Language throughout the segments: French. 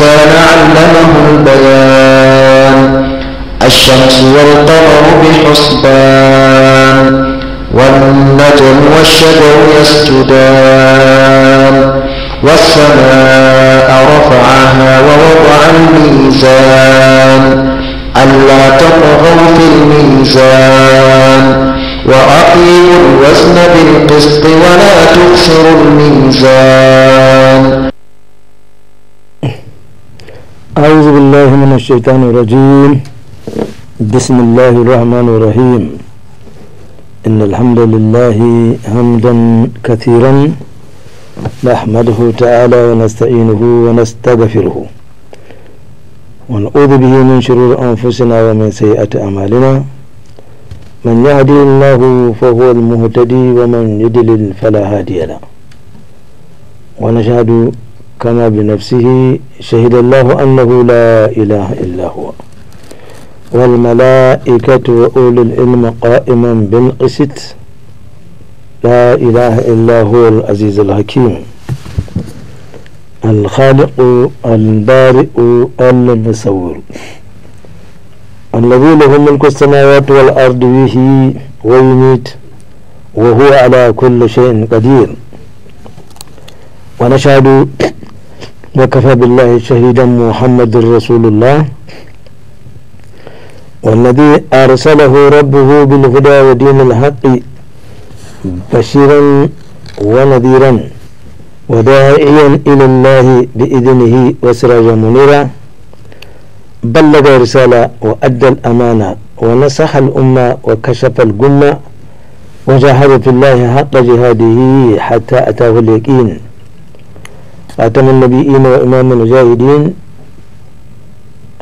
الإنسان علمه البيان الشمس والقمر بحسبان والنجم والشجر يسجدان والسماء رفعها ووضع الميزان ألا تطغوا في الميزان وأقيموا الوزن بالقسط ولا تخسروا الميزان الشيطان الرجيم بسم الله الرحمن الرحيم إن الحمد لله حمدا كثيرا نحمده تعالى ونستعينه ونستغفره ونعوذ به من شرور أنفسنا ومن سيئات أعمالنا من يهدي الله فهو المهتدي ومن يدلل فلا هادي له ونشهد كما بنفسه شهد الله أنه لا إله إلا هو والملائكة وأولي العلم قائما بالقسط لا إله إلا هو العزيز الحكيم الخالق البارئ المصور الذي له ملك السماوات والأرض يحيي ويميت وهو على كل شيء قدير ونشهد وكفى بالله شهيدا محمد رسول الله والذي أرسله ربه بالهدى ودين الحق بشيرا ونذيرا وداعيا إلى الله بإذنه وسراجا منيرا بلغ الرسالة وأدى الأمانة ونصح الأمة وكشف الجنة وجاهد في الله حق جهاده حتى أتاه اليقين خاتم النبيين وإمام المجاهدين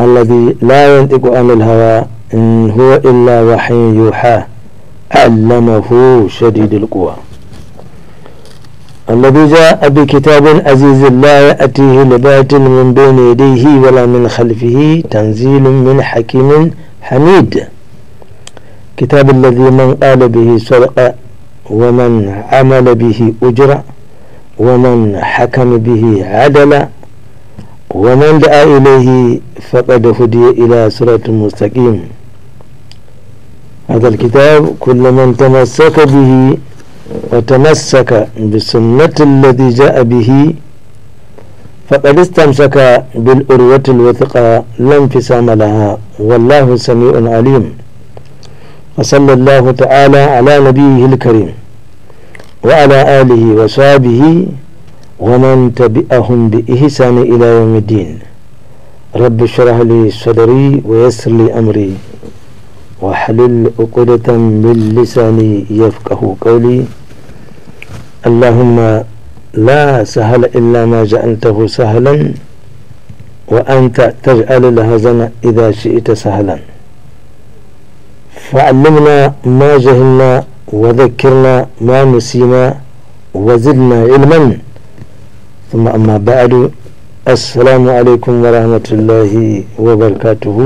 الذي لا ينطق عن الهوى إن هو إلا وحي يوحى علمه شديد القوى الذي جاء بكتاب عزيز لا يأتيه لبات من بين يديه ولا من خلفه تنزيل من حكيم حميد كتاب الذي من قال به سرق ومن عمل به أجر ومن حكم به عدل ومن دعا إليه فقد هدي إلى صراط مستقيم هذا الكتاب كل من تمسك به وتمسك بسنة الذي جاء به فقد استمسك بالأروة الوثقى لا انفصام لها والله سميع عليم وصلى الله تعالى على نبيه الكريم وعلى آله وصحبه ومن تبعهم بإحسان إلى يوم الدين رب اشرح لي صدري ويسر لي أمري وحلل عقدة من لساني يفقه قولي اللهم لا سهل إلا ما جعلته سهلا وأنت تجعل الهزن إذا شئت سهلا فعلمنا ما جهلنا وذكرنا ما نسينا وزدنا علما ثم أما بعد السلام عليكم ورحمة الله وبركاته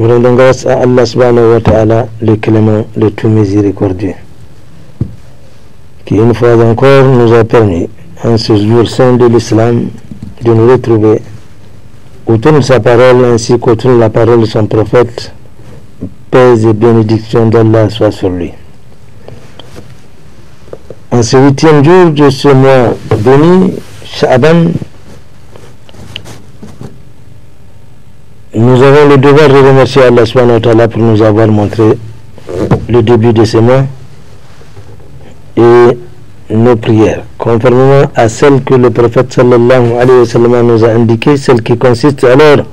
ولن الله سبحانه وتعالى لكلمة لتميزي ريكوردي كي نفوض انكور نزابرني ان سجور سين دي الاسلام دي نوري تروبي وتنسى بارول انسي كوتن لا بارول سن بروفيت Paix et bénédiction d'Allah soit sur lui. En ce huitième jour de ce mois béni, Shaban nous avons le devoir de remercier Allah wa pour nous avoir montré le début de ce mois et nos prières, conformément à celle que le prophète sallallahu alayhi wa nous a indiquées celle qui consiste alors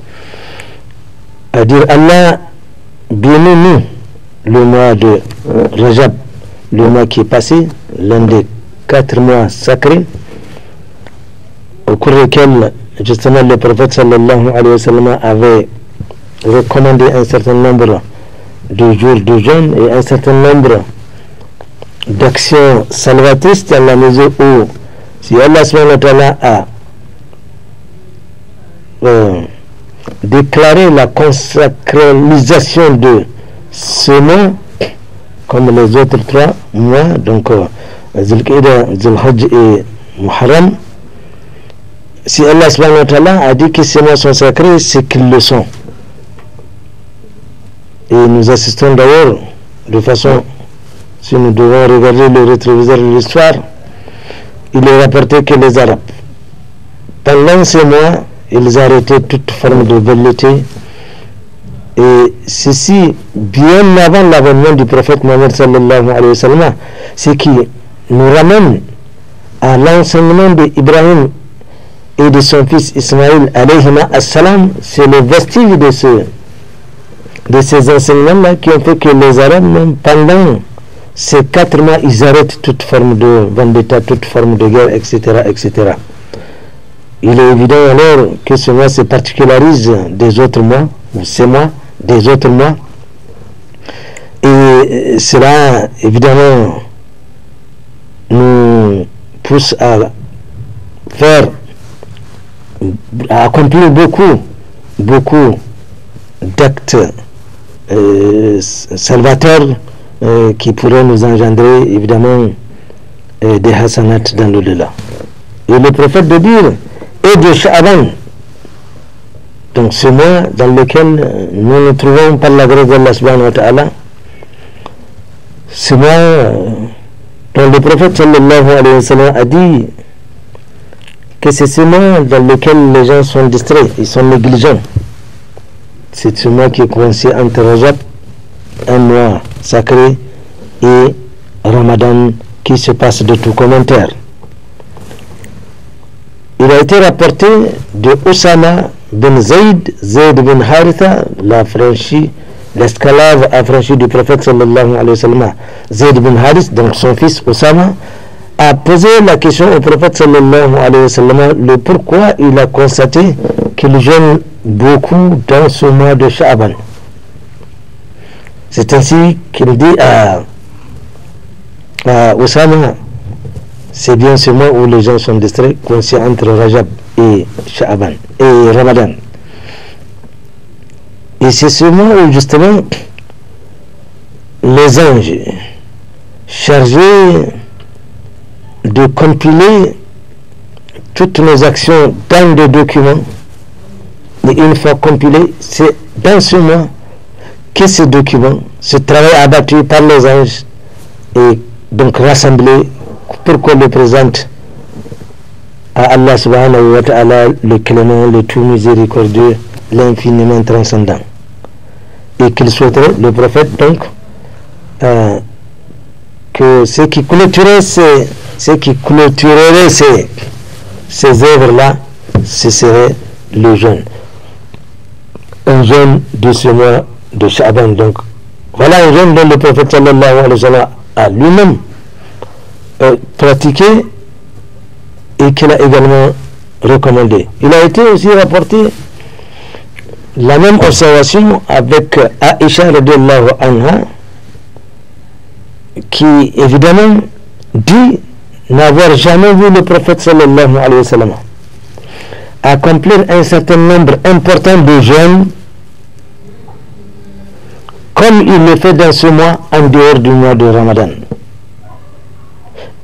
à dire Allah bienvenue le mois de euh, Rajab, le mois qui est passé, l'un des quatre mois sacrés, au cours desquels justement le prophète sallallahu alayhi wa sallam avait recommandé un certain nombre de jours de jeûne et un certain nombre d'actions salvatistes à la maison où si Allah a euh, déclarer la consacralisation de ces noms comme les autres trois mois, donc euh, Zulkida, Zulhajj et Muharram. Si Allah a dit que ces noms sont sacrés, c'est qu'ils le sont. Et nous assistons d'ailleurs de façon, si nous devons regarder le rétroviseur de l'histoire, il est rapporté que les Arabes, pendant ces mois, ils arrêtaient toute forme de velléité. Et ceci, bien avant l'avènement du prophète Mohammed sallallahu alayhi wa sallam, ce qui nous ramène à l'enseignement d'Ibrahim et de son fils Ismaël alayhi salam, c'est le vestige de, de ces enseignements-là qui ont fait que les Arabes, même pendant ces quatre mois, ils arrêtent toute forme de vendetta, toute forme de guerre, etc. etc. Il est évident alors que ce mois se particularise des autres mois, ou ces mois des autres mois. Et euh, cela, évidemment, nous pousse à faire, à accomplir beaucoup, beaucoup d'actes euh, salvateurs euh, qui pourraient nous engendrer, évidemment, des hasanats dans le Et le prophète de et de Shaban Donc ce mois dans lequel nous nous trouvons par la grâce d'Allah subhanahu wa ta'ala, ce mois euh, dont le prophète sallallahu alayhi wa sallam a dit que c'est ce mois dans lequel les gens sont distraits, ils sont négligents. C'est ce mois qui est coincé entre Rajab, un mois sacré, et Ramadan qui se passe de tout commentaire. Il a été rapporté de Osama bin Zayd, Zayd bin Haritha, l'a franchi, l'esclave a du prophète sallallahu alayhi wa sallam. Zayd bin Harith, donc son fils Osama, a posé la question au prophète sallallahu alayhi wa sallam le pourquoi il a constaté qu'il gêne beaucoup dans ce mois de Sha'ban. C'est ainsi qu'il dit à, à Osama c'est bien ce mois où les gens sont distraits, qu'on entre Rajab et Sha'aban et Ramadan. Et c'est ce mois où justement les anges chargés de compiler toutes nos actions dans des documents, et une fois compilés, c'est dans ce mois que ces documents, ce travail abattu par les anges est donc rassemblé pour qu'on le présente à Allah subhanahu wa ta'ala, le clément, le tout miséricordieux, l'infiniment transcendant. Et qu'il souhaiterait, le prophète donc, euh, que ce qui clôturerait ces, qui clôturerait ces, œuvres-là, ce serait le jeûne. Un jeûne de ce mois de Shaban. Donc, voilà un jeûne dont le prophète sallallahu alayhi wa sallam a lui-même euh, pratiqué et qu'il a également recommandé. Il a été aussi rapporté la même observation avec Aisha anha qui évidemment dit n'avoir jamais vu le prophète sallallahu alayhi wa sallam accomplir un certain nombre important de jeunes comme il le fait dans ce mois en dehors du mois de Ramadan.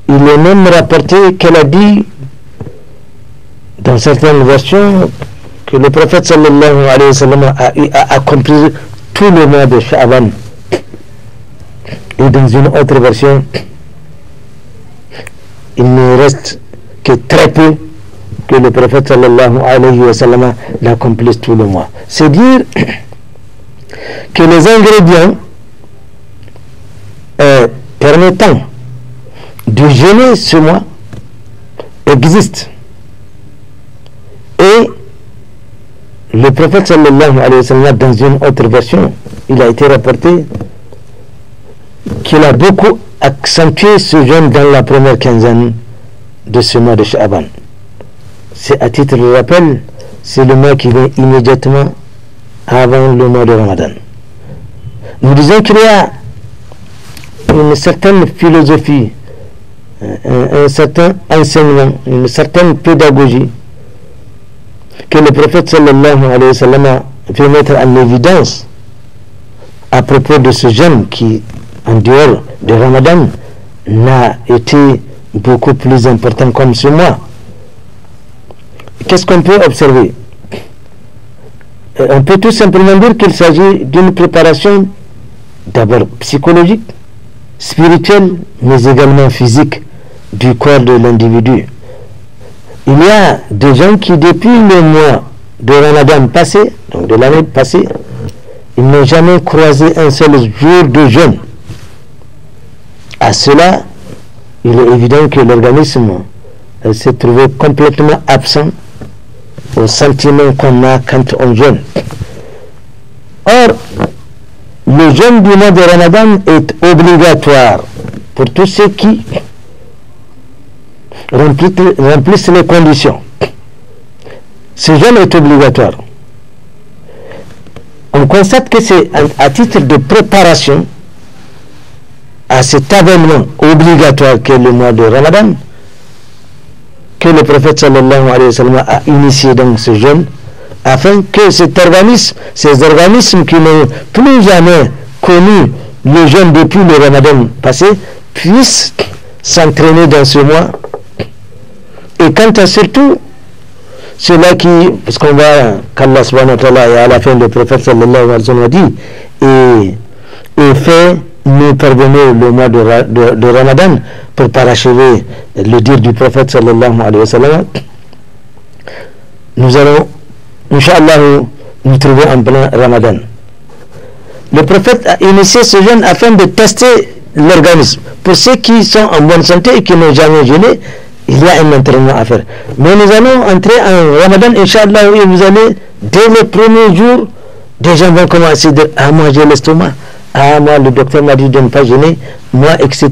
Il est même rapporté qu'elle a dit dans certaines versions que le prophète sallallahu alayhi wa a, accompli tout le mois de Sha'ban. Et dans une autre version, il ne reste que très peu que le prophète sallallahu alayhi wa sallam l'accomplisse tout le mois. C'est dire que les ingrédients euh, permettant de jeûner ce mois existe. Et le prophète sallallahu alayhi wa sallam, dans une autre version, il a été rapporté qu'il a beaucoup accentué ce jeûne dans la première quinzaine de ce mois de Shaaban C'est à titre de rappel, c'est le mois qui vient immédiatement avant le mois de Ramadan. Nous disons qu'il y a une certaine philosophie un, certain enseignement, une certaine pédagogie que le prophète sallallahu alayhi wa sallam a fait mettre en évidence à propos de ce jeune qui, en dehors de Ramadan, n'a été beaucoup plus important comme ce mois. Qu'est-ce qu'on peut observer euh, On peut tout simplement dire qu'il s'agit d'une préparation d'abord psychologique, spirituelle, mais également physique du corps de l'individu. Il y a des gens qui, depuis le mois de Ramadan passé, donc de l'année passée, ils n'ont jamais croisé un seul jour de jeûne. À cela, il est évident que l'organisme s'est trouvé complètement absent au sentiment qu'on a quand on jeûne. Or, le jeûne du mois de Ramadan est obligatoire pour tous ceux qui remplissent les conditions. Ce jeûne est obligatoire. On constate que c'est à titre de préparation à cet avènement obligatoire qu'est le mois de Ramadan que le prophète sallallahu alayhi wa sallam a initié donc ce jeûne afin que cet organisme, ces organismes qui n'ont plus jamais connu le jeûne depuis le Ramadan passé puissent s'entraîner dans ce mois et quant à surtout, ceux-là qui, parce qu'on voit qu'Allah subhanahu wa ta'ala, à la fin, le prophète sallallahu alayhi wa sallam a dit, et, et fait nous parvenons le mois de, de, Ramadan pour parachever le dire du prophète sallallahu alayhi wa sallam, nous allons, inshallah, nous trouver en plein Ramadan. Le prophète a initié ce jeûne afin de tester l'organisme. Pour ceux qui sont en bonne santé et qui n'ont jamais jeûné, il y a un entraînement à faire. Mais nous allons entrer en Ramadan, Inch'Allah, oui, vous allez, dès le premier jour, des gens vont commencer à manger l'estomac. Ah, moi, le docteur m'a dit de ne pas jeûner, moi, etc.,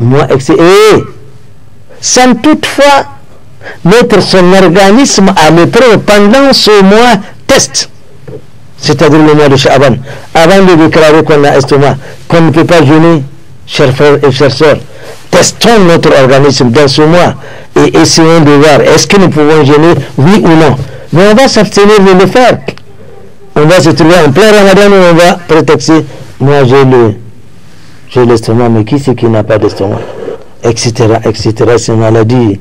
moi, etc. Et, eh! sans toutefois mettre son organisme à l'épreuve pendant ce mois test, c'est-à-dire le mois de Chaban avant de déclarer qu'on a l'estomac qu'on ne peut pas jeûner, chers frères et chers sœurs. Testons notre organisme dans ce mois et essayons de voir est-ce que nous pouvons gêner, oui ou non. Mais on va s'abstenir de le faire. On va se trouver en plein ramadan et on va prétexter moi j'ai le j'ai l'estomac, mais qui c'est qui n'a pas d'estomac Etc. etc. C'est une maladie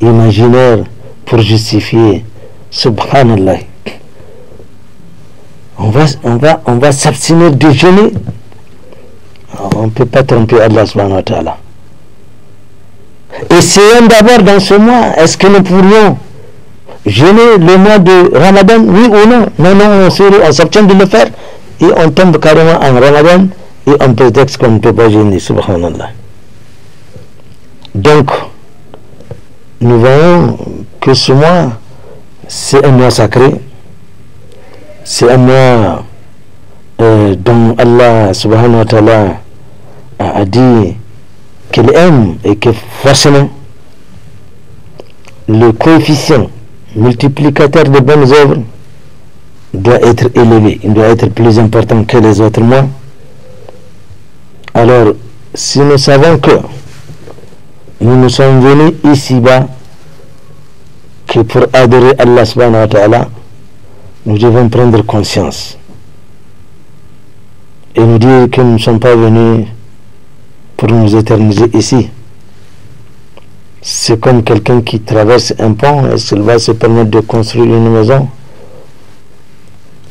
imaginaire pour justifier. Subhanallah. On va, on va, on va s'abstenir de jeûner. On ne peut pas tromper Allah subhanahu wa ta'ala et un d'abord dans ce mois, est-ce que nous pourrions gêner le mois de Ramadan, oui ou non Non, non, on, s'obtient de le faire et on tombe carrément en Ramadan et on prétexte qu'on ne peut pas gêner, subhanallah. Donc, nous voyons que ce mois, c'est un mois sacré, c'est un mois euh, dont Allah subhanahu wa ta'ala a dit qu'elle aime et que forcément le coefficient multiplicateur des bonnes œuvres doit être élevé, il doit être plus important que les autres mois. Alors, si nous savons que nous nous sommes venus ici-bas que pour adorer Allah subhanahu wa ta'ala, nous devons prendre conscience et nous dire que nous ne sommes pas venus pour nous éterniser ici. C'est comme quelqu'un qui traverse un pont, et ce va se permettre de construire une maison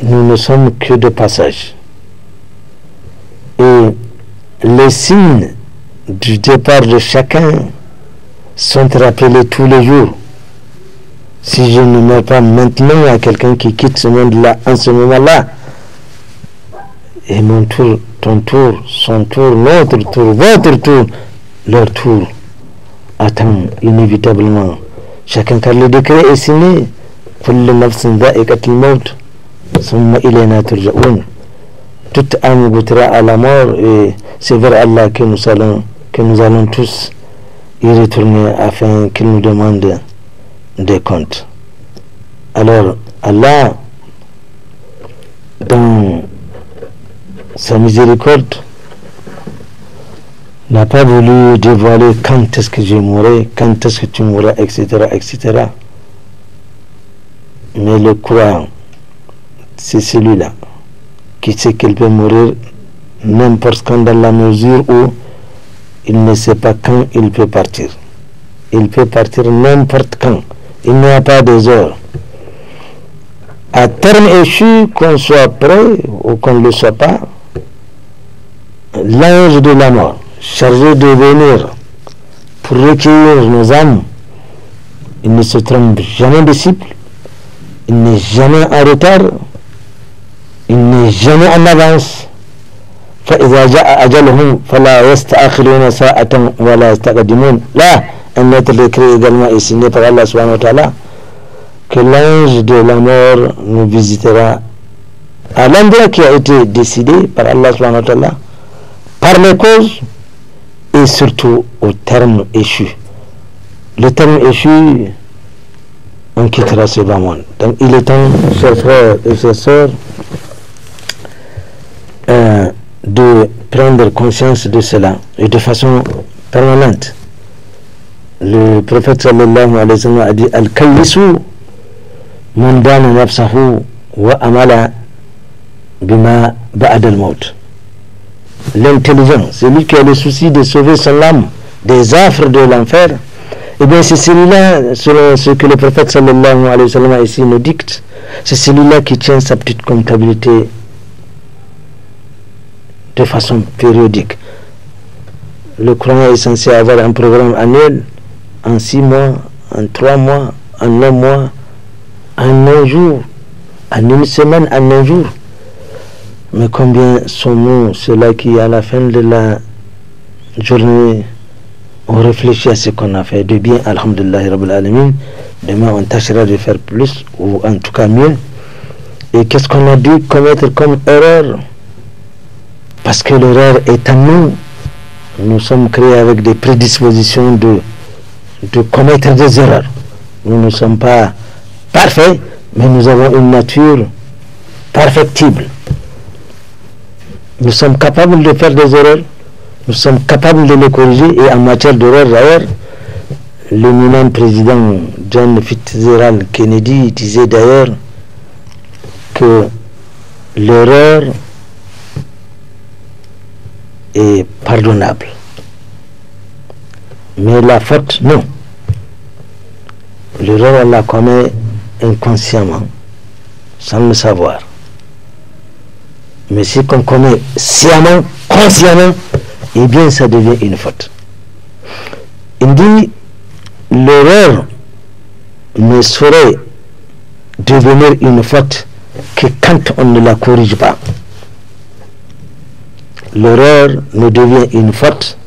Nous ne sommes que de passage. Et les signes du départ de chacun sont rappelés tous les jours. Si je ne mets pas maintenant à quelqu'un qui quitte ce monde-là en ce moment-là, et mon tour, ton tour, son tour, notre tour, votre tour, leur tour attend inévitablement. Chacun car le décret est signé. Toute âme goûtera à la mort et c'est vers Allah que nous allons, que nous allons tous y retourner afin qu'il nous demande des comptes. Alors Allah, dans sa miséricorde, n'a pas voulu dévoiler quand est-ce que je mourrai, quand est-ce que tu mourras, etc., etc. Mais le croyant, c'est celui-là qui sait qu'il peut mourir n'importe quand dans la mesure où il ne sait pas quand il peut partir. Il peut partir n'importe quand. Il n'y a pas des heures. À terme échu, qu'on soit prêt ou qu'on ne le soit pas, l'ange de la mort, chargé de venir pour recueillir nos âmes, il ne se trompe jamais disciple, il n'est jamais en retard, il n'est jamais en avance. là un autre décret également est signé par Allah que l'ange de la mort nous visitera à l'endroit qui a été décidé par Allah subhanahu par les causes et surtout au terme échu. Le terme échu, on quittera ce bas Donc il est temps, chers frères et chers sœurs, euh, de prendre conscience de cela et de façon permanente. Le prophète sallallahu alayhi wa sallam a dit Al-Kayyisu Mundana dana nafsahu wa amala bima ba'ad al-maut l'intelligent, celui qui a le souci de sauver son âme des affres de l'enfer, et eh bien c'est celui-là, selon ce que le prophète sallallahu alayhi wa sallam ici nous dicte, c'est celui-là qui tient sa petite comptabilité de façon périodique. Le croyant est censé avoir un programme annuel en six mois, en trois mois, en un mois, en un jour, en une semaine, en un jour. Mais combien sommes-nous, ceux-là qui, à la fin de la journée, ont réfléchi à ce qu'on a fait de bien, Alhamdulillah Rabbil Alamin. Demain, on tâchera de faire plus, ou en tout cas mieux. Et qu'est-ce qu'on a dû commettre comme erreur Parce que l'erreur est à nous. Nous sommes créés avec des prédispositions de, de commettre des erreurs. Nous ne sommes pas parfaits, mais nous avons une nature perfectible. Nous sommes capables de faire des erreurs, nous sommes capables de les corriger et en matière d'erreurs, d'ailleurs, l'éminent président John Fitzgerald Kennedy disait d'ailleurs que l'erreur est pardonnable, mais la faute, non. L'erreur, elle la commet inconsciemment, sans le savoir. Mais si qu'on connaît sciemment, consciemment, eh bien ça devient une faute. Il dit, l'erreur ne saurait devenir une faute que quand on ne la corrige pas. l'horreur ne devient une faute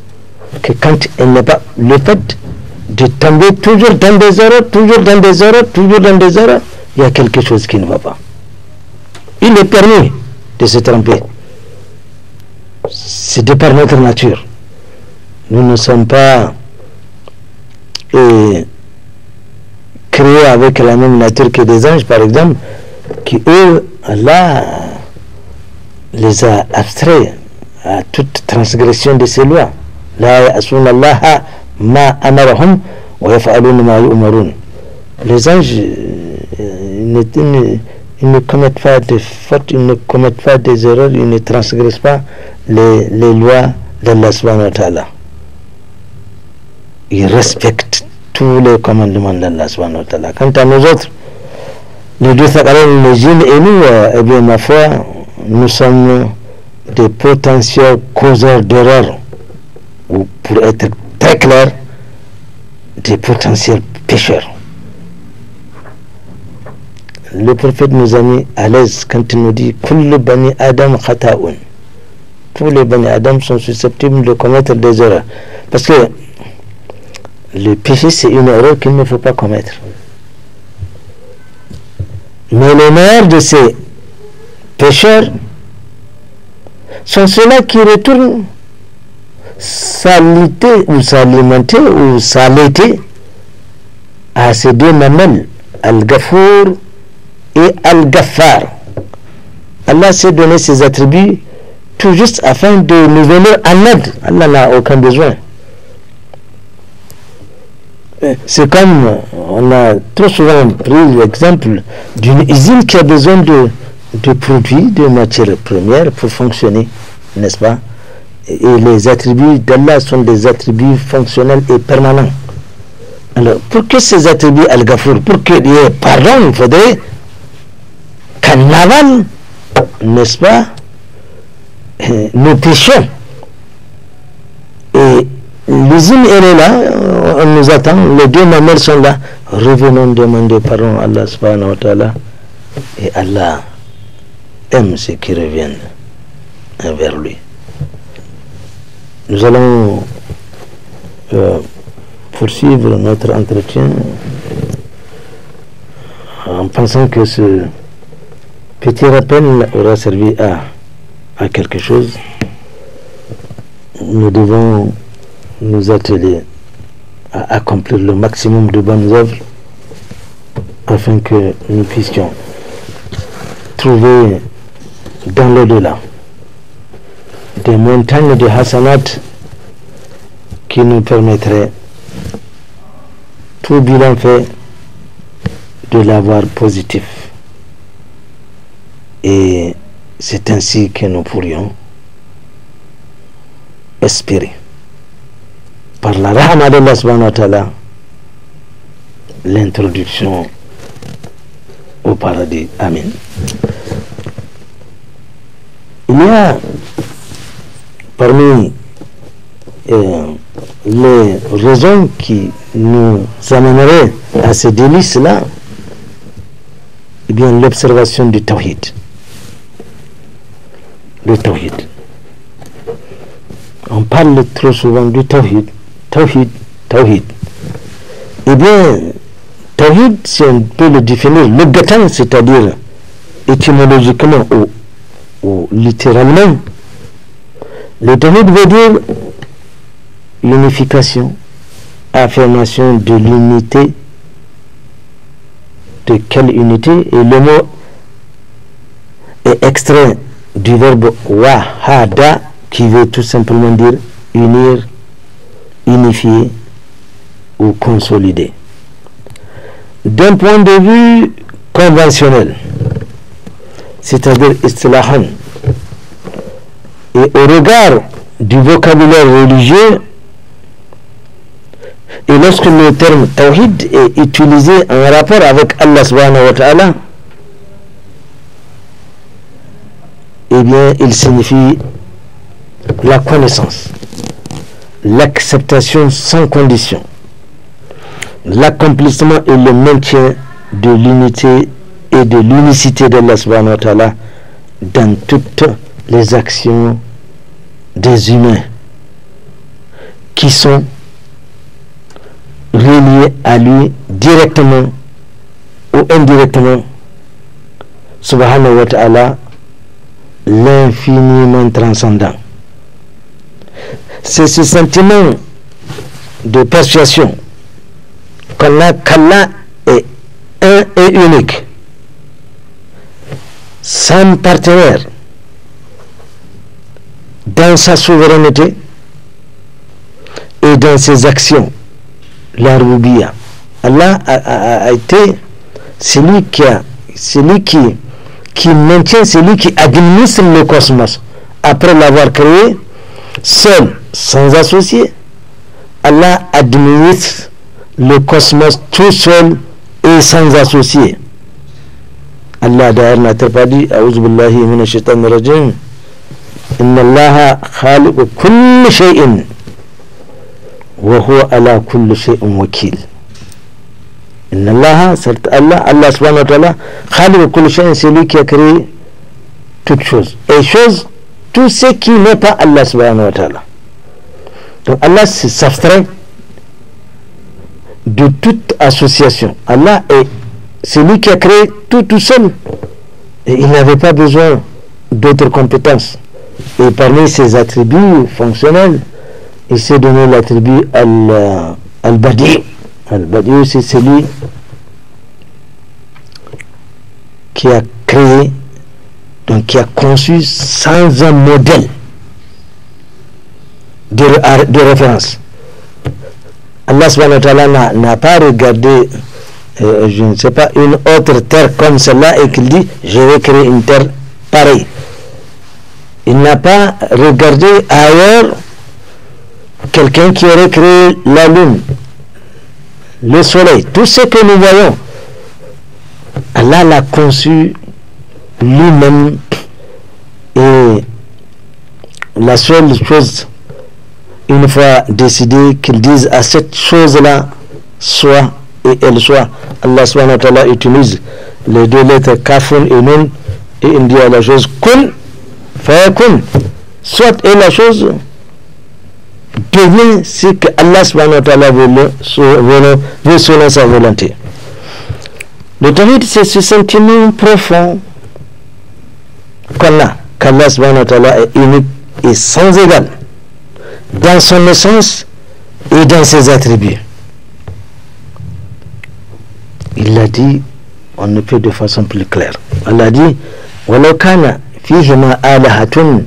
que quand elle n'est pas. Le fait de tomber toujours dans des erreurs, toujours dans des erreurs, toujours dans des erreurs, il y a quelque chose qui ne va pas. Il est permis de se tromper. C'est de par notre nature. Nous ne sommes pas euh, créés avec la même nature que des anges, par exemple, qui eux, Allah les a abstraits à toute transgression de ces lois. Les anges euh, ils ne commettent pas de fautes, ils ne commettent pas des erreurs, ils ne transgressent pas les, les lois d'Allah subhanahu wa Ils respectent tous les commandements d'Allah subhanahu wa Quant à nous autres, les deux sacrés, les jeunes et nous, eh bien ma foi, nous sommes des potentiels causeurs d'erreurs, ou pour être très clair, des potentiels pécheurs le prophète nous a mis à l'aise quand il nous dit les bani Adam khataun. Tous les bani Adam sont susceptibles de commettre des erreurs. Parce que le péché, c'est une erreur qu'il ne faut pas commettre. Mais les meilleurs de ces pécheurs sont ceux-là qui retournent s'alimenter ou s'alimenter ou s'allaiter à ces deux mamelles, al-gafour et Al-Ghaffar. Allah s'est donné ses attributs tout juste afin de nous venir en aide. Allah n'a aucun besoin. Euh, c'est comme on a trop souvent pris l'exemple d'une usine qui a besoin de, de produits, de matières premières pour fonctionner, n'est-ce pas Et les attributs d'Allah sont des attributs fonctionnels et permanents. Alors, pour que ces attributs al-Ghafour, pour qu'il y eh, ait pardon, il faudrait carnaval, n'est-ce pas, euh, nous pêchons. Et l'usine, elle est là, on nous attend, les deux mamelles sont là. Revenons demander pardon à Allah subhanahu wa ta'ala. Et Allah aime ceux qui reviennent vers lui. Nous allons euh, poursuivre notre entretien en pensant que ce Petit rappel aura servi à, quelque chose. Nous devons nous atteler à accomplir le maximum de bonnes œuvres afin que nous puissions trouver dans le delà des montagnes de Hassanat qui nous permettraient tout bilan fait de l'avoir positif. Et c'est ainsi que nous pourrions espérer. Par la rahma ta'ala l'introduction au paradis. Amen. Il y a parmi euh, les raisons qui nous amèneraient à ces délices-là, et eh bien l'observation du tawhid le tawhid. On parle trop souvent du tawhid, tawhid, tawhid. Eh bien, tawhid, si on peut le définir, le gatan, c'est-à-dire étymologiquement ou, ou, littéralement, le tawhid veut dire l'unification, affirmation de l'unité. De quelle unité Et le mot est extrait du verbe wahada qui veut tout simplement dire unir, unifier ou consolider. D'un point de vue conventionnel, c'est-à-dire istilahan, et au regard du vocabulaire religieux, et lorsque le terme tawhid est utilisé en rapport avec Allah subhanahu wa ta'ala, eh bien, il signifie la connaissance, l'acceptation sans condition, l'accomplissement et le maintien de l'unité et de l'unicité de subhanahu wa ta'ala dans toutes les actions des humains qui sont reliés à lui directement ou indirectement subhanahu wa ta'ala l'infiniment transcendant. C'est ce sentiment de persuasion qu'Allah est un et unique, sans partenaire, dans sa souveraineté et dans ses actions. La Allah a, été celui qui a, celui qui qui maintient celui qui administre le cosmos après l'avoir créé, seul, sans associé. Allah administre le cosmos tout seul et sans associé. Allah d'ailleurs na pas dit Aouz billahi min shaitan rajim Inna Allah khaliq kulli shay'in wa huwa ala kulli shay'in wakil. Allah, Allah, Allah subhanahu wa ta'ala, c'est lui qui a créé toutes choses. Et choses, tout ce qui n'est pas Allah subhanahu wa ta'ala. Donc Allah s'abstrait de toute association. Allah est celui qui a créé tout tout seul. Et il n'avait pas besoin d'autres compétences. Et parmi ses attributs fonctionnels, il s'est donné l'attribut euh, al-badi. al badi Al-Badiou, c'est celui qui a créé, donc qui a conçu sans un modèle de, référence. Allah n'a pas regardé, euh, je ne sais pas, une autre terre comme celle-là et qu'il dit, je vais créer une terre pareille. Il n'a pas regardé ailleurs quelqu'un qui aurait créé la lune, le soleil, tout ce que nous voyons, Allah l'a conçu lui-même et la seule chose, une fois décidé qu'il dise à cette chose-là, soit et elle soit, Allah subhanahu utilise les deux lettres kafun et nun et il dit à la chose kun, fayakun, soit et la chose devient ce que Allah subhanahu veut, veut selon sa volonté. Le tawhid, c'est ce sentiment profond qu'Allah, qu'Allah subhanahu est unique et sans égal dans son essence et dans ses attributs. Il l'a dit, on ne peut de façon plus claire. l'a dit, وَلَوْ كَانَ فِيهِمَا آلَهَةٌ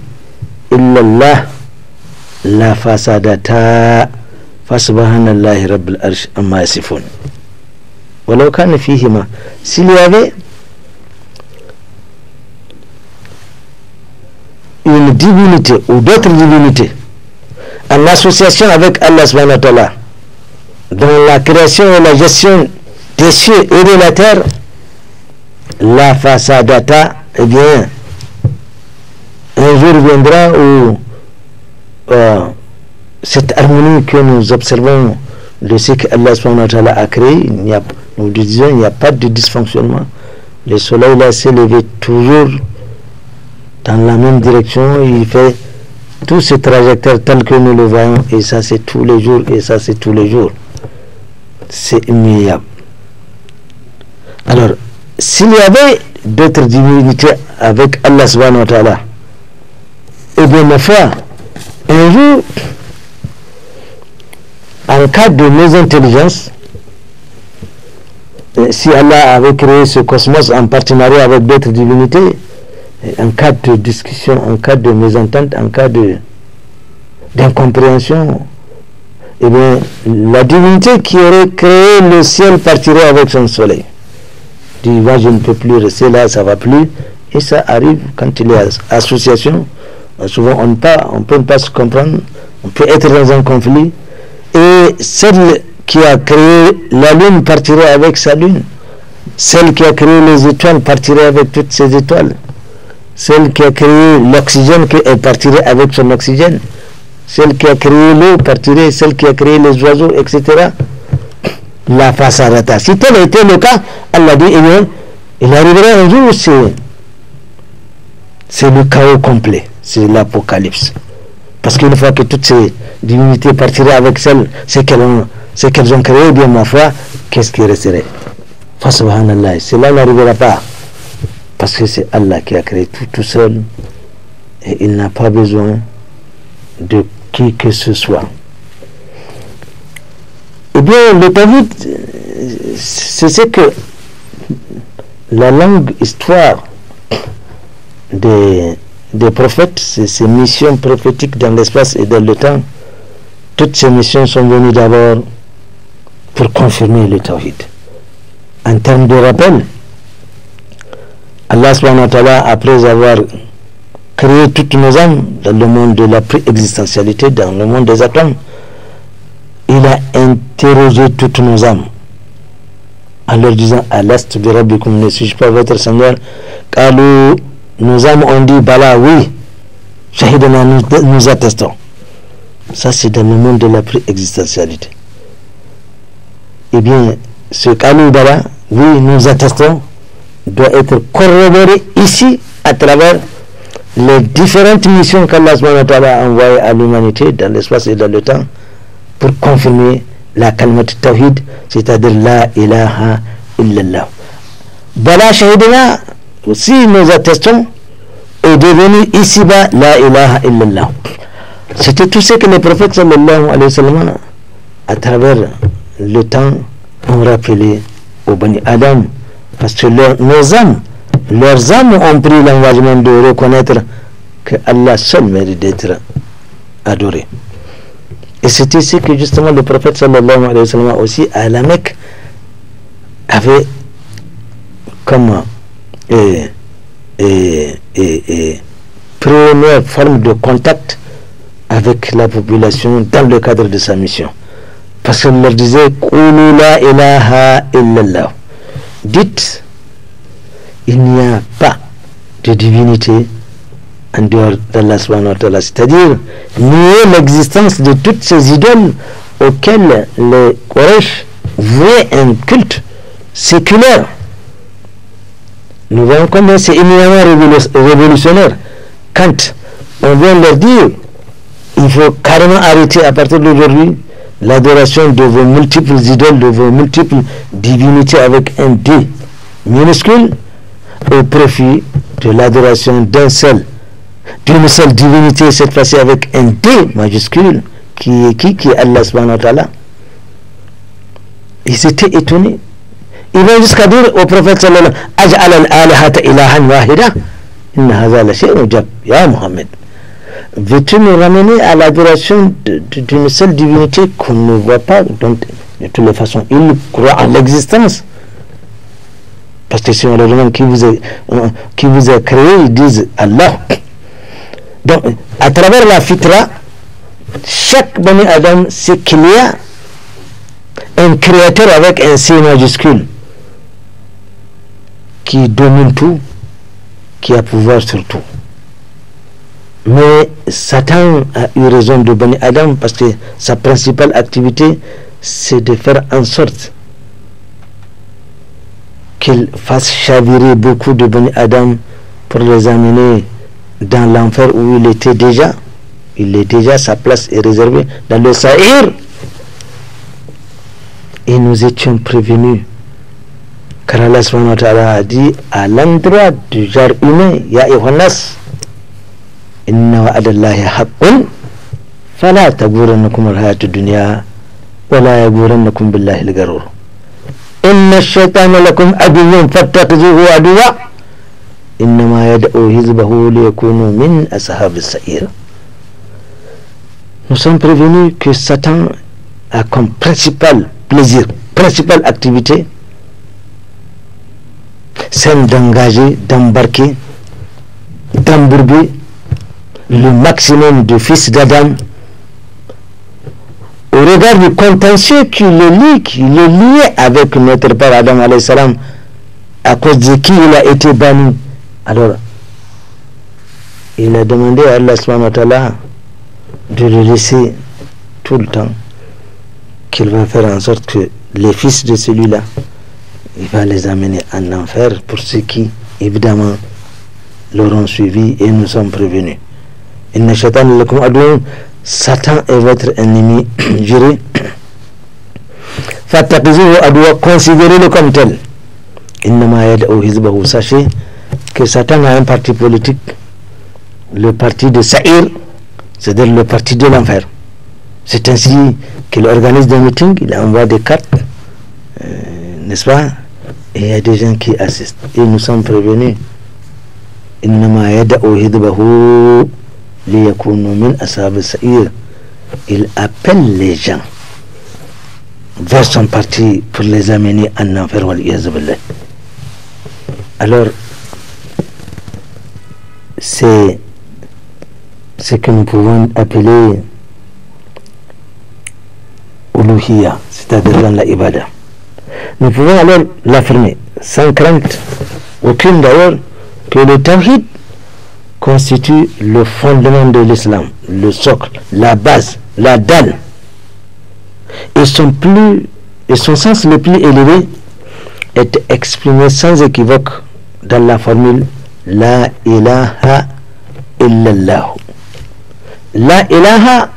إِلَّا la fasadata fasubhanallahi rabbil arsh amma yasifun walau kana fihi s'il y avait une divinité ou d'autres divinités en association avec Allah subhanahu wa ta'ala dans la création et la gestion des cieux et de la terre la fasadata eh bien un jour viendra où euh, cette harmonie que nous observons, le cycle qu'Allah a créé, il y a, nous disons, il n'y a pas de dysfonctionnement. Le soleil s'est levé toujours dans la même direction, il fait tous ces trajectoires Tels que nous le voyons, et ça c'est tous les jours, et ça c'est tous les jours. C'est immuable. Alors, s'il y avait d'autres divinités avec Allah subhanahu wa eh bien ma foi, un jour, en cas de mésintelligence, euh, si Allah avait créé ce cosmos en partenariat avec d'autres divinités, euh, en cas de discussion, en cas de mésentente, en cas d'incompréhension, eh bien, la divinité qui aurait créé le ciel partirait avec son soleil. Dit, je ne peux plus rester là, ça va plus. Et ça arrive quand il y a association euh, souvent on, ne on peut pas se comprendre, on peut être dans un conflit. Et celle qui a créé la lune partirait avec sa lune. Celle qui a créé les étoiles partirait avec toutes ses étoiles. Celle qui a créé l'oxygène partirait avec son oxygène. Celle qui a créé l'eau partirait, celle qui a créé les oiseaux, etc. La face rata. Si tel était le cas, Allah dit, eh il arriverait un jour aussi c'est le chaos complet, c'est l'apocalypse. Parce qu'une fois que toutes ces divinités partiraient avec celles, ce qu'elles ont, qu'elles ont, créé, eh bien ma foi, qu'est-ce qui resterait Subhanallah, cela n'arrivera pas. Parce que c'est Allah qui a créé tout tout seul et il n'a pas besoin de qui que ce soit. Eh bien, le Tavut c'est ce que la longue histoire des, des prophètes, ces missions prophétiques dans l'espace et dans le temps, toutes ces missions sont venues d'abord pour confirmer le tawhid. En termes de rappel, Allah subhanahu après avoir créé toutes nos âmes dans le monde de la pré-existentialité dans le monde des atomes, il a interrogé toutes nos âmes en leur disant de que je ne suis-je pas votre Seigneur nos âmes ont dit, Bala, oui, Shahidana, nous, attestons. Ça, c'est dans le monde de la pré-existentialité. Eh bien, ce Bala, oui, nous attestons, doit être corroboré ici à travers les différentes missions qu'Allah a envoyées à l'humanité dans l'espace et dans le temps pour confirmer la kalimat tawhid, c'est-à-dire la ilaha illallah. Bala Shahidana, aussi nous attestons est devenu ici-bas, la ilaha illallah. C'était tout ce que les prophètes sallallahu alayhi sallam, à travers le temps, ont rappelé au Bani Adam. Parce que nos âmes, leurs âmes ont pris l'engagement de reconnaître que Allah seul mérite d'être adoré. Et c'est ici que justement le prophète sallallahu alayhi wa sallam aussi à la Mecque avait comme et, première forme de contact avec la population dans le cadre de sa mission. Parce qu'on leur disait la ilaha illallah. Dites, il n'y a pas de divinité en dehors d'Allah subhanahu C'est-à-dire, nier l'existence de toutes ces idoles auxquelles les Quraysh vouaient un culte séculaire. Nous voyons combien c'est éminemment révolutionnaire. Quand on vient leur dire, il faut carrément arrêter à partir d'aujourd'hui l'adoration de vos multiples idoles, de vos multiples divinités avec un D minuscule au profit de l'adoration d'un seul, d'une seule divinité, cette fois-ci avec un D majuscule, qui est qui Qui est Allah subhanahu wa ta'ala. Ils étaient étonnés il va jusqu'à dire au prophète sallallahu alayhi veux-tu nous ramener à l'adoration d'une seule divinité qu'on ne voit pas donc, de toutes les façons il croit en l'existence parce que si on leur qui vous, qui vous a créé ils disent Allah donc à travers la fitra chaque Bani Adam c'est qu'il y a un créateur avec un C majuscule qui domine tout, qui a pouvoir sur tout. Mais Satan a eu raison de Bani Adam parce que sa principale activité, c'est de faire en sorte qu'il fasse chavirer beaucoup de Bani Adam pour les amener dans l'enfer où il était déjà. Il est déjà, sa place est réservée dans le Sahir. Et nous étions prévenus كان الله سبحانه وتعالى دي ألندرا دجار إيمي يا أيها الناس إن وعد الله حق فلا تغرنكم الحياة الدنيا ولا يغرنكم بالله الغرور إن الشيطان لكم عدو فاتخذوه عدوا إنما يدعو حزبه ليكونوا من أصحاب السعير Nous sommes prévenus que Satan a comme principal plaisir, principale activité celle d'engager, d'embarquer, d'embourber le maximum de fils d'Adam au regard du contentieux qui le lie, qui le lie avec notre père Adam salam, à cause de qui il a été banni. Alors, il a demandé à Allah de le laisser tout le temps, qu'il va faire en sorte que les fils de celui-là il va les amener en enfer pour ceux qui, évidemment, l'auront suivi et nous sommes prévenus. Satan est votre ennemi juré. considérez-le comme tel. Sachez que Satan a un parti politique, le parti de Saïr, c'est-à-dire le parti de l'enfer. C'est ainsi qu'il organise des meetings, il envoie des cartes, euh, n'est-ce pas il y a des gens qui assistent. et nous sommes prévenus. إنما يدعو هدبه ليكونوا من أصحاب السعير Il appelle les gens vers son parti pour les amener en enfer Alors, c'est ce que nous pouvons appeler Uluhiya, c'est-à-dire dans la ibadah. Nous pouvons alors l'affirmer sans crainte aucune d'ailleurs que le tawhid constitue le fondement de l'islam, le socle, la base, la dalle. Et son, plus, et son sens le plus élevé est exprimé sans équivoque dans la formule La ilaha illallah. La ilaha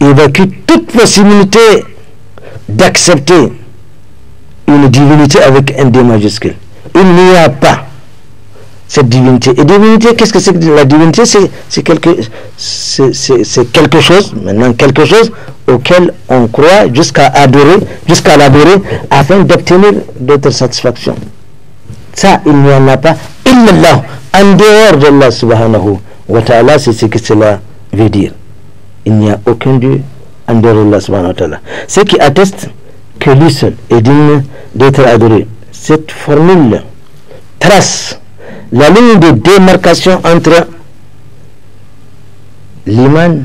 évacue toute possibilité d'accepter une divinité avec un D majuscule. Il n'y a pas cette divinité. Et divinité, qu'est-ce que c'est que la divinité C'est quelque, c'est quelque chose, maintenant quelque chose auquel on croit jusqu'à adorer, jusqu'à l'adorer, afin d'obtenir d'autres satisfactions. Ça, il n'y en a pas. Illallah, en dehors d'Allah subhanahu wa ta'ala, c'est ce que cela veut dire. Il n'y a aucun Dieu ce qui atteste que lui seul est digne d'être adoré. Cette formule trace la ligne de démarcation entre l'iman,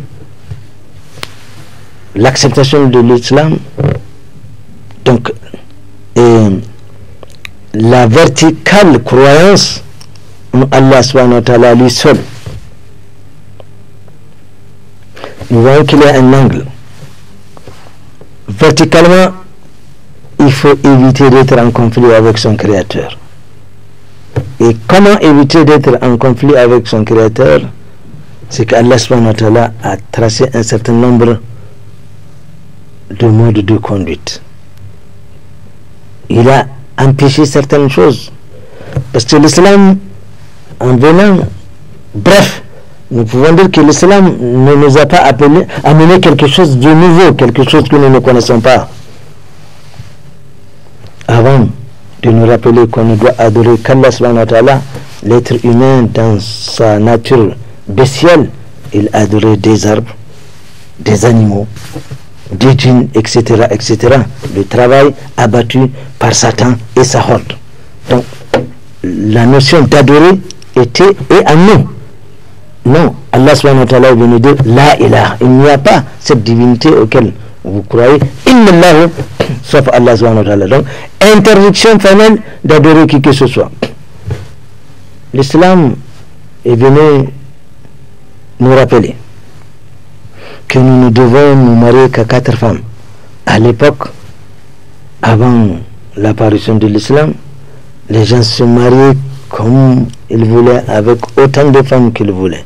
l'acceptation de l'islam, donc, et la verticale croyance en Allah wa ta'ala lui seul. Nous voyons qu'il y a un angle verticalement, il faut éviter d'être en conflit avec son Créateur. Et comment éviter d'être en conflit avec son Créateur C'est qu'Allah a tracé un certain nombre de modes de conduite. Il a empêché certaines choses. Parce que l'islam, en venant, bref, nous pouvons dire que l'islam ne nous a pas appelé, amené quelque chose de nouveau, quelque chose que nous ne connaissons pas. Avant de nous rappeler qu'on doit adorer qu'Allah subhanahu l'être humain dans sa nature bestiale, il adorait des arbres, des animaux, des djinns, etc., etc. Le travail abattu par Satan et sa horde. Donc, la notion d'adorer était et à nous. Non, Allah subhanahu wa ta'ala nous La là, il n'y a pas cette divinité auquel vous croyez. Inna sauf Allah subhanahu wa ta'ala. Donc, interdiction finale d'adorer qui que ce soit. L'islam est venu nous rappeler que nous ne devons nous marier qu'à quatre femmes. À l'époque, avant l'apparition de l'islam, les gens se mariaient comme ils voulaient, avec autant de femmes qu'ils voulaient.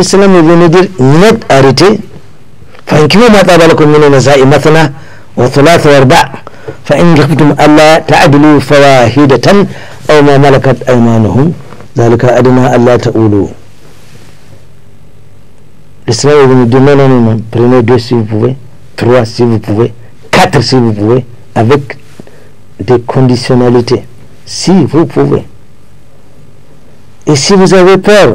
لسلام يبنيدير نت أريتي فإن كما ما لكم من النساء مثنى وثلاث وارباع فإن خفتم ألا تعدلوا فواهدة أو ما ملكت أيمانهم ذلك أدنى ألا تقولوا لسلام يبنيدير نت أريتي برمي دو سي بوي تروا سي بوي كاتر سي بوي avec des conditionnalités si vous pouvez et si vous avez peur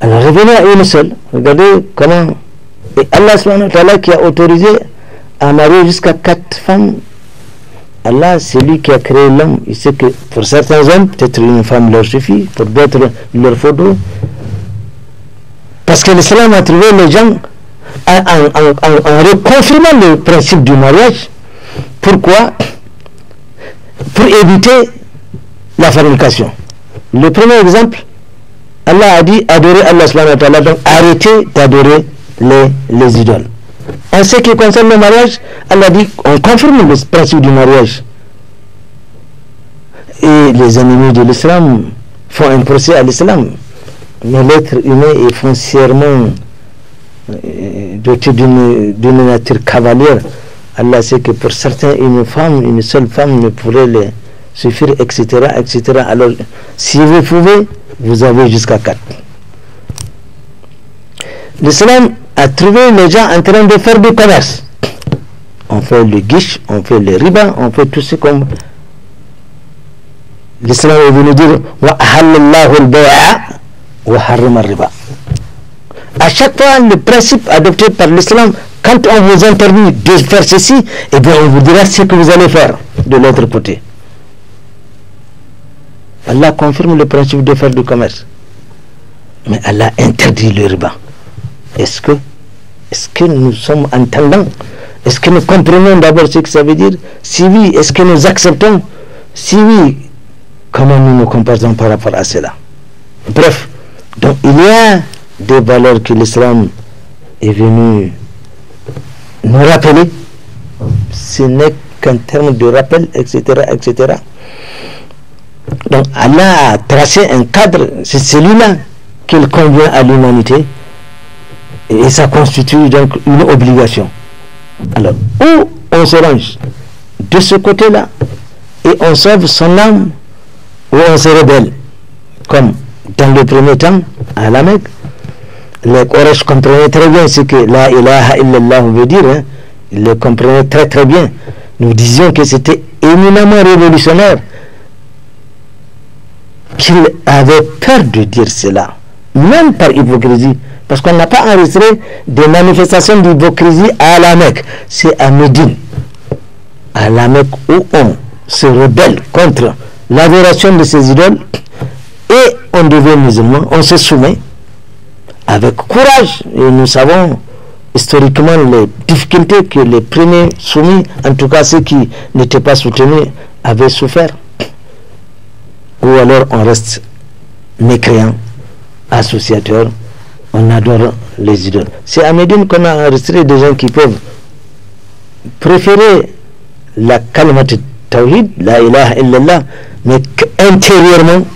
Alors revenez à une seule. Regardez comment. Et Allah qui a autorisé à marier jusqu'à quatre femmes. Allah, c'est lui qui a créé l'homme. Il sait que pour certains hommes, peut-être une femme leur suffit, pour d'autres, leur faut Parce que l'islam a trouvé les gens en, reconfirmant le principe du mariage. Pourquoi Pour éviter la fabrication Le premier exemple, Allah a dit adorer Allah subhanahu wa ta'ala, donc arrêtez d'adorer les, les idoles. En ce qui concerne le mariage, Allah dit on confirme le principe du mariage. Et les ennemis de l'islam font un procès à l'islam. Mais l'être humain est foncièrement euh, doté d'une nature cavalière. Allah sait que pour certains, une femme, une seule femme ne pourrait les suffire, etc. etc. Alors, si vous pouvez vous avez jusqu'à 4. L'islam a trouvé les gens en train de faire du commerce. On fait le guiche, on fait le riba, on fait tout ce qu'on... L'islam est venu dire wa riba. À chaque fois, le principe adopté par l'islam, quand on vous interdit de faire ceci, et eh bien, on vous dira ce que vous allez faire de l'autre côté. Allah confirme le principe de faire du commerce. Mais Allah interdit le ruban. Est-ce que, est que nous sommes entendants Est-ce que nous comprenons d'abord ce que ça veut dire Si oui, est-ce que nous acceptons Si oui, comment nous nous comportons par rapport à cela Bref, donc il y a des valeurs que l'islam est venu nous rappeler. Ce n'est qu'un terme de rappel, etc., etc. Donc Allah a tracé un cadre, c'est celui-là qu'il convient à l'humanité et ça constitue donc une obligation. Alors, où on se range de ce côté-là et on sauve son âme ou on se rebelle, comme dans le premier temps à la Mecque, les Quraysh comprenaient très bien ce que la ilaha on veut dire. Hein. Ils le comprenaient très très bien. Nous disions que c'était éminemment révolutionnaire qu'il avait peur de dire cela, même par hypocrisie, parce qu'on n'a pas enregistré des manifestations d'hypocrisie à la Mecque, c'est à Médine, à la Mecque où on se rebelle contre l'avération de ses idoles et on devient musulman, on se soumet avec courage et nous savons historiquement les difficultés que les premiers soumis, en tout cas ceux qui n'étaient pas soutenus, avaient souffert ou alors on reste mécréant, associateur, on adore les idoles. C'est à Médine qu'on a enregistré des gens qui peuvent préférer la kalimat tawhid, la ilaha illallah, mais qu'intérieurement,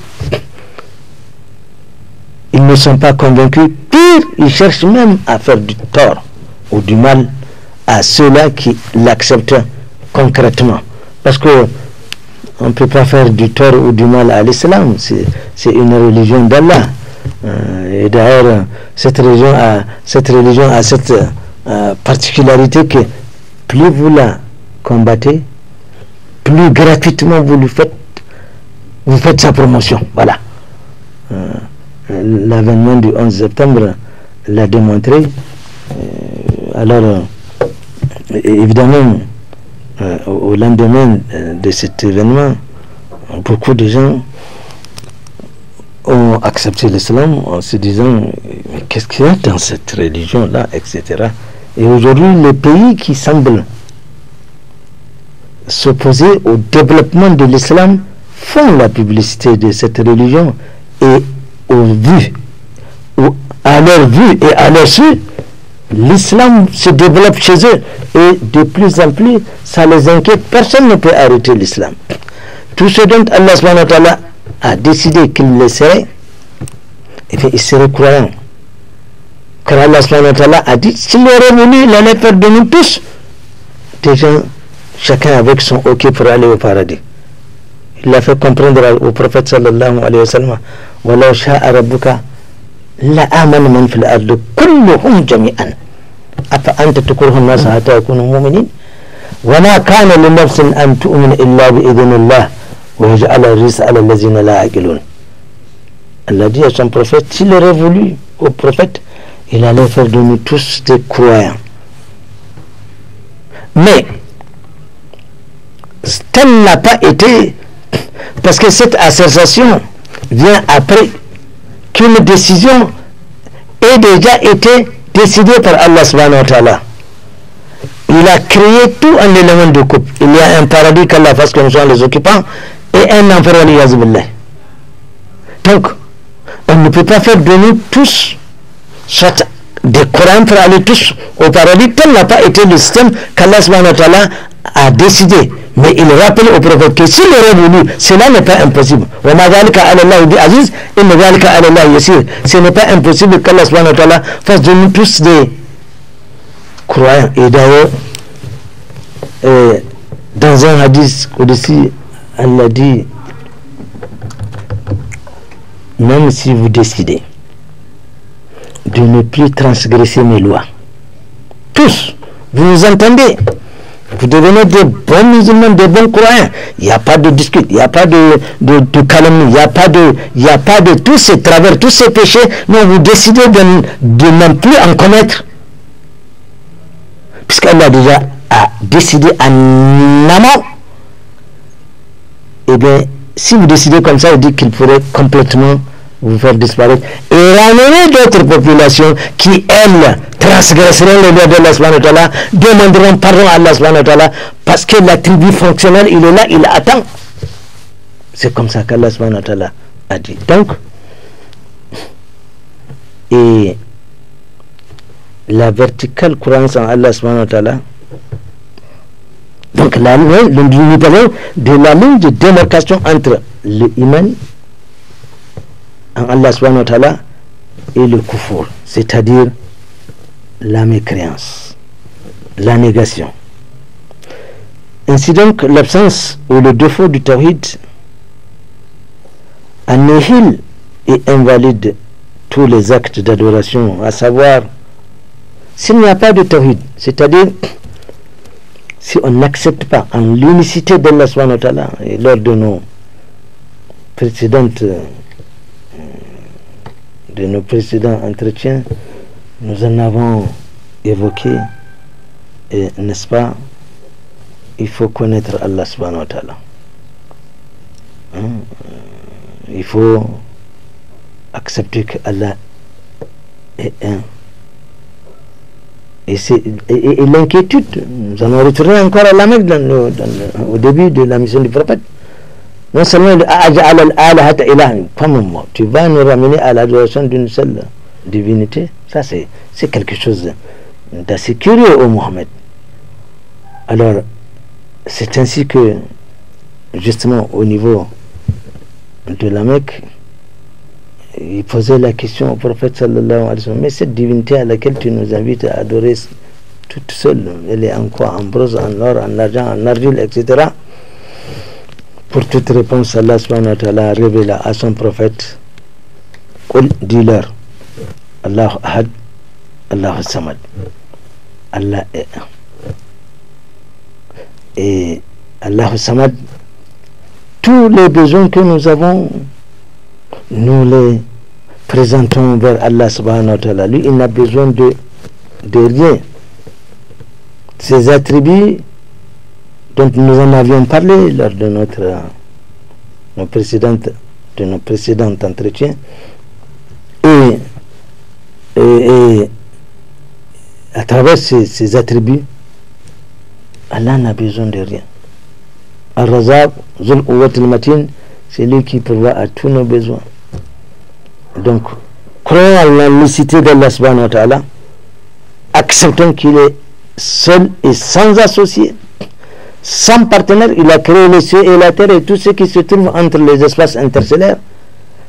ils ne sont pas convaincus. Pire, ils cherchent même à faire du tort ou du mal à ceux-là qui l'acceptent concrètement. Parce que on ne peut pas faire du tort ou du mal à l'islam. C'est une religion d'Allah. Euh, et d'ailleurs, cette religion a cette, religion a cette euh, particularité que plus vous la combattez, plus gratuitement vous lui faites, vous faites sa promotion. Voilà. Euh, l'avènement du 11 septembre l'a démontré. alors, évidemment, euh, au lendemain euh, de cet événement, beaucoup de gens ont accepté l'islam en se disant mais qu'est-ce qu'il y a dans cette religion-là, etc. Et aujourd'hui, les pays qui semblent s'opposer au développement de l'islam font la publicité de cette religion et au vu, ou à leur vue et à leur su, l'islam se développe chez eux et de plus en plus, ça les inquiète. Personne ne peut arrêter l'islam. Tout ce dont Allah subhanahu wa a décidé qu'il le serait, et eh bien, il serait croyant. Car Allah subhanahu wa a dit, s'il est revenu, il allait faire de nous tous des gens, chacun avec son ok pour aller au paradis. Il l'a fait comprendre au prophète sallallahu alayhi wa sallam, « Wa sha'a rabbuka la amana man fil ardu kulluhum jami'an » elle a dit à son prophète, s'il aurait voulu au prophète, il allait faire de nous tous des croyants. Mais, tel n'a pas été, parce que cette association vient après qu'une décision ait déjà été décidé par Allah subhanahu Il a créé tout un élément de couple. Il y a un paradis qu'Allah fasse comme soit les occupants et un enfer Donc, on ne peut pas faire de nous tous, soit des Corans pour aller tous au paradis, tel n'a pas été le système qu'Allah a décidé. Mais il rappelle au prophète que s'il est revenu, cela n'est pas impossible. Ce n'est pas impossible que qu'Allah fasse de nous tous des croyants. Et d'ailleurs, euh, dans un hadith au-dessus, Allah dit même si vous décidez de ne plus transgresser mes lois, tous, vous nous entendez vous devenez des bons musulmans, des bons croyants. Il n'y a pas de dispute, il n'y a pas de, de, calomnie, il n'y a, pas de, il y a pas de tous ces travers, tous ces péchés. Non, vous décidez de, ne plus en commettre. Puisqu'Allah déjà décidé en amont. Eh bien, si vous décidez comme ça, vous dit qu'il pourrait complètement vous faire disparaître, et ramener d'autres populations qui, elles, transgresseront les lois de Allah, demanderont pardon à Allah, parce que la tribu fonctionnelle, il est là, il attend. C'est comme ça qu'Allah a dit. Donc, et la verticale croyance en Allah donc la ligne, de la ligne de démarcation entre humains en Allah subhanahu wa ta'ala et le kufur, c'est-à-dire la mécréance, la négation. Ainsi donc, l'absence ou le défaut du tawhid annihile et invalide tous les actes d'adoration, à savoir, s'il n'y a pas de tawhid, c'est-à-dire si on n'accepte pas en l'unicité d'Allah et lors de nos précédentes euh, de nos précédents entretiens, nous en avons évoqué, n'est-ce pas Il faut connaître Allah subhanahu wa ta'ala. Hein? Euh, il faut accepter que Allah est un. Et, l'inquiétude, nous allons retourner encore à la même au début de la mission du prophète non seulement tu vas nous ramener à l'adoration d'une seule divinité ça c'est c'est quelque chose d'assez curieux au Mohammed alors c'est ainsi que justement au niveau de la Mecque il posait la question au prophète sallallahu alayhi wa sallam mais cette divinité à laquelle tu nous invites à adorer toute seule elle est en quoi en bronze en or en argent en argile etc pour toute réponse, Allah subhanahu wa révélé à son prophète dis-leur, Allah Allah Samad. Allah est un. Et Allah Samad, tous les besoins que nous avons, nous les présentons vers Allah subhanahu wa ta'ala. Lui, il n'a besoin de, de rien. Ses attributs dont nous en avions parlé lors de notre euh, précédent de entretiens. Et, et, à travers ces, attributs, Allah n'a besoin de rien. Al-Razab, c'est lui qui prévoit à tous nos besoins. Donc, croyons à la l'unicité d'Allah subhanahu wa ta'ala, acceptons qu'il est seul et sans associé sans partenaire, il a créé les cieux et la terre et tout ce qui se trouve entre les espaces interstellaires,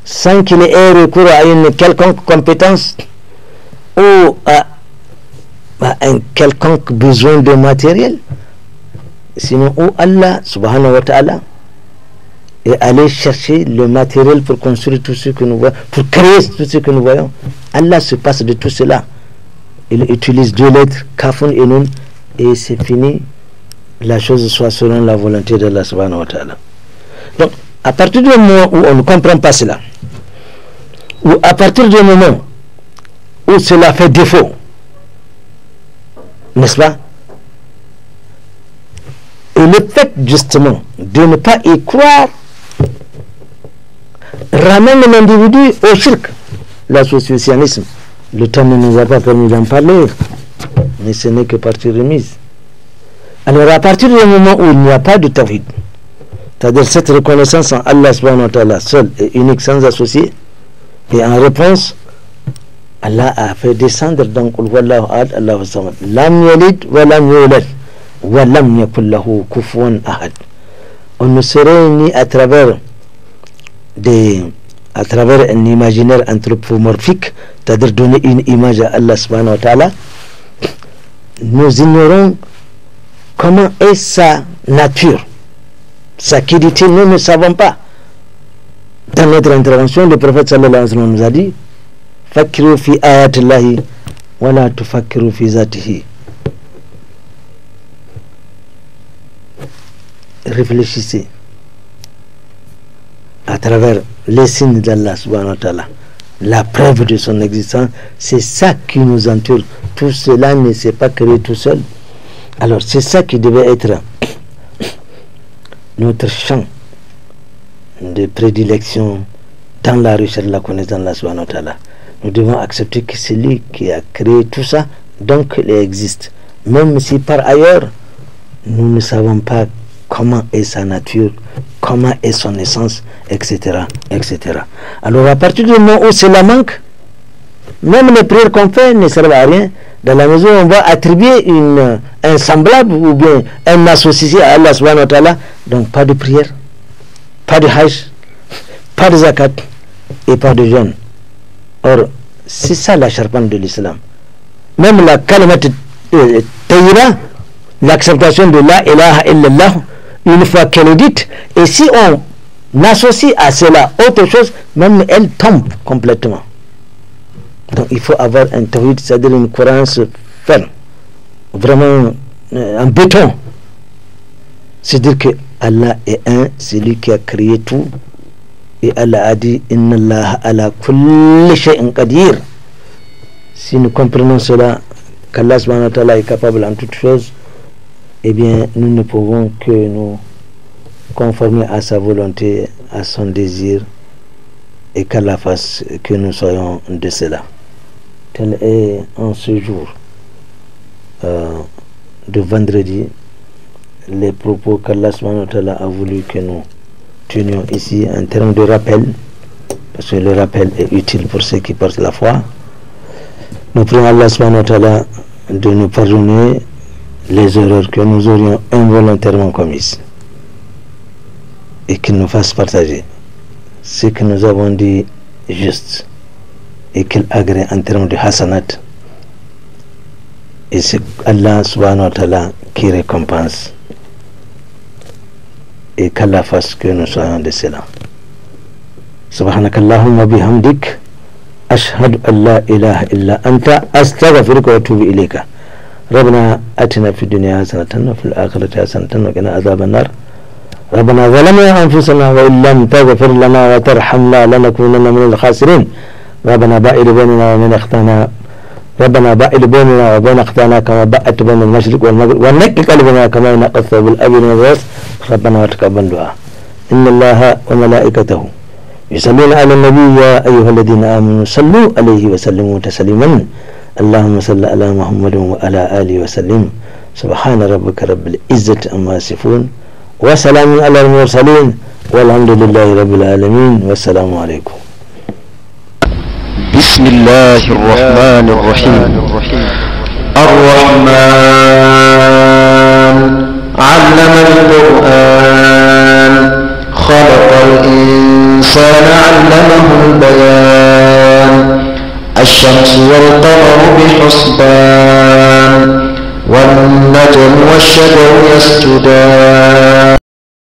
sans qu'il ait recours à une quelconque compétence ou à, un quelconque besoin de matériel. Sinon, où Allah, subhanahu wa ta'ala, et aller chercher le matériel pour construire tout ce que nous voyons, pour créer tout ce que nous voyons. Allah se passe de tout cela. Il utilise deux lettres, Kafun et Nun, et c'est fini la chose soit selon la volonté de la subhanahu wa ta'ala. Donc, à partir du moment où on ne comprend pas cela, ou à partir du moment où cela fait défaut, n'est-ce pas Et le fait justement de ne pas y croire ramène l'individu au cirque, l'associationnisme. Le temps ne nous a pas permis d'en parler, mais ce n'est que partie remise. Alors à partir du moment où il n'y a pas de tawhid, c'est-à-dire cette reconnaissance en Allah subhanahu wa ta'ala, seul et unique, sans associé, et en réponse, Allah a fait descendre donc Wallahu Allah samad. Lam yalid wa lam yulad wa lam yakul lahu kufuwan ahad. On ne se réunit à travers des à travers un imaginaire anthropomorphique, c'est-à-dire donner une image à Allah subhanahu wa ta'ala. Nous ignorons Comment est sa nature Sa qualité, nous ne savons pas. Dans notre intervention, le prophète nous a dit «Fakirufi zatihi. Réfléchissez à travers les signes d'Allah subhanahu la preuve de son existence, c'est ça qui nous entoure. Tout cela ne s'est pas créé tout seul. Alors c'est ça qui devait être notre champ de prédilection dans la recherche de la connaissance la subhanahu Nous devons accepter que c'est lui qui a créé tout ça, donc il existe. Même si par ailleurs, nous ne savons pas comment est sa nature, comment est son essence, etc. etc. Alors à partir du moment où cela manque, même les prières qu'on fait ne servent à rien, dans la maison on va attribuer une, un semblable ou bien un associé à Allah subhanahu wa ta'ala. Donc pas de prière, pas de hajj, pas de zakat et pas de jeûne. Or, c'est ça la charpente de l'islam. Même la kalimat euh, taïra, l'acceptation de la ilaha illallah, une fois qu'elle est dite, et si on associe à cela autre chose, même elle tombe complètement. Donc il faut avoir un tawhid, c'est-à-dire une cohérence ferme, vraiment un euh, en béton. C'est-à-dire que Allah est un, c'est lui qui a créé tout. Et Allah a dit Inna Allah ala kulli shay'in qadir. Si nous comprenons cela, qu'Allah subhanahu wa ta'ala est capable en toutes choses, eh bien, nous ne pouvons que nous conformer à sa volonté, à son désir, et qu'Allah fasse que nous soyons de cela. Tel est en ce jour euh, de vendredi les propos qu'Allah a voulu que nous tenions ici en termes de rappel, parce que le rappel est utile pour ceux qui portent la foi. Nous prions Allah de nous pardonner les erreurs que nous aurions involontairement commises et qu'il nous fasse partager ce que nous avons dit juste. يكل qu'il أن en termes de hasanat. Et c'est Allah subhanahu wa ta'ala qui récompense. Et qu'Allah fasse سبحانك اللهم وبحمدك أشهد أن لا إله إلا أنت أستغفرك وأتوب إليك ربنا أتنا في الدنيا حسنة وفي الآخرة حسنة وقنا عذاب النار ربنا ظلمنا أنفسنا وإن لم تغفر لنا وترحمنا لنكوننا من الخاسرين ربنا بائل بيننا وبين اختنا ربنا بائل بيننا وبين اختنا كما بأت بين المشرق والمغرب ونكي قلبنا كما ينقى بالاب الابيض ربنا وتقبل دعاء ان الله وملائكته يصلون على النبي يا ايها الذين امنوا صلوا عليه وسلموا تسليما اللهم صل على محمد وعلى اله وسلم سبحان ربك رب العزه عما يصفون وسلام على المرسلين والحمد لله رب العالمين والسلام عليكم بسم الله الرحمن الرحيم الرحمن علم القرآن خلق الإنسان علمه البيان الشمس والقمر بحسبان والنجم والشجر يسجدان